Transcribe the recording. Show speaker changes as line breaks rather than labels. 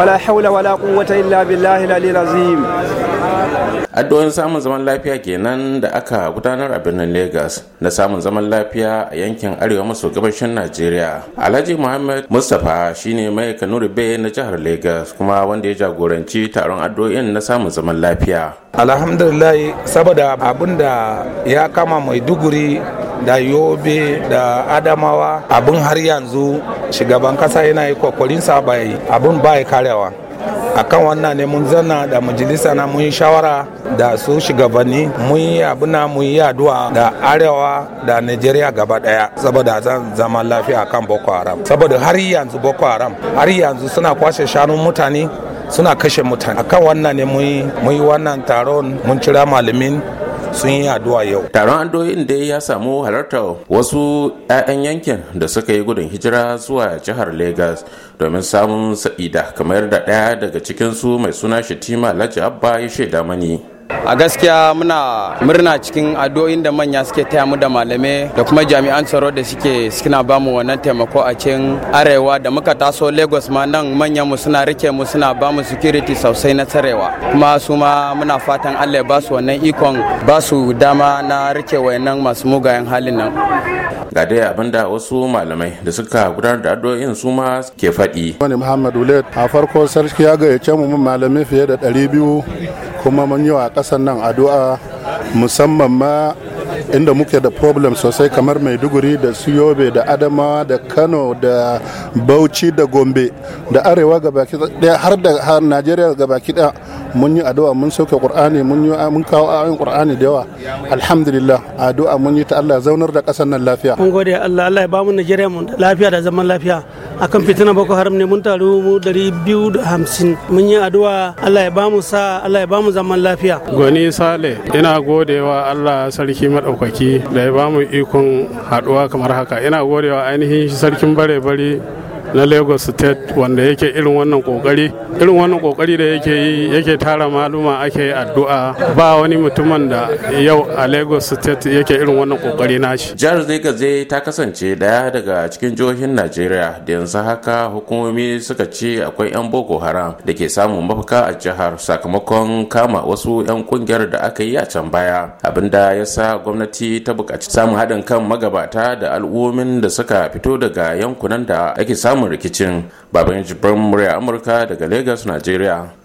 wala haula wala quwwata illa billahi al azim
addu'o'in samun zaman lafiya kenan da aka gudanar a birnin lagos na samun zaman lafiya a yankin arewa maso gabashin najeriya alhaji muhammad mustapha shine mai kanuri bay na jihar lagos kuma wanda ya jagoranci taron addu'o'in na samun zaman lafiya
alhamdulillah saboda abinda ya kama maiduguri da yobe da adamawa abin har yanzu shugaban kasa yana yi kokorinsa bai abin bai karewa akan wannan ne mun zanna da majalisa na mun shawara da su shugabanni mun yi abuna mun yi addu'a da arewa da nigeria gaba daya saboda zan zama lafiya kan boko haram saboda har yanzu boko haram har yanzu suna kwashe shanun mutane suna kashe mutane akan wannan ne mun yi wannan taron mun kira malamin sun yi addu'a yau taron andoyin da ya samu halartar wasu
'ya'yan yankin da suka yi gudun hijira zuwa jihar legas domin samun sa'ida
kamar da ɗaya daga cikin su mai suna shatima alhaji abba ya shaida mani a gaskiya muna murna cikin addu'o'in da manya suke taya mu da malamai da kuma jami'an tsaro da suke suna ba mu wannan taimako a cikin arewa da muka taso lagos ma nan manyan mu suna rike mu suna ba mu security sosai na tsarewa kuma su ma muna fatan allah ya ba su wannan ikon ba su dama na rike wayannan masu mugayen halin nan ga dai abin da wasu malamai da suka gudanar da addu'o'in su ma ke faɗi.
Wani muhammadu Uled a farko sarki ya gayyace mu malamai fiye da ɗari biyu kuma mun yi wa kasan nan addu'a musamman ma inda muke da problem sosai kamar maiduguri da su yobe da adamawa da kano da bauchi da gombe da arewa gabaki daya har da har najeriya gabaki daya mun yi addu'a mun sauke qur'ani mun yi mun kawo ayoyin qur'ani da yawa alhamdulillah addu'a mun yi ta Allah zaunar da kasar nan lafiya mun gode
Allah Allah ya ba mu najeriya mu lafiya da zaman lafiya akan fitina boko haram ne mun taru mu dari biyu da hamsin mun yi addu'a allah ya bamu sa allah ya bamu zaman lafiya goni sale ina godewa allah sarki madaukaki da ya bamu ikon haduwa kamar haka ina godewa ainihin sarkin bare bare na lagos state wanda yake irin wannan kokari irin wannan kokari da yake yi yake tara maluma ake addu'a ba wani mutumin da yau a lagos state yake irin wannan kokari nashi jihar lagos ta
kasance daya daga cikin jihohin najeriya da yanzu haka hukumomi suka ce akwai yan boko haram da ke samun mafaka a jihar sakamakon kama wasu yan kungiyar da aka yi a can baya abinda ya sa gwamnati ta buƙaci samun haɗin kan magabata da al'ummomin da suka fito daga yankunan da ake samu. samun rikicin baban jibrin murya amurka daga lagos Najeriya.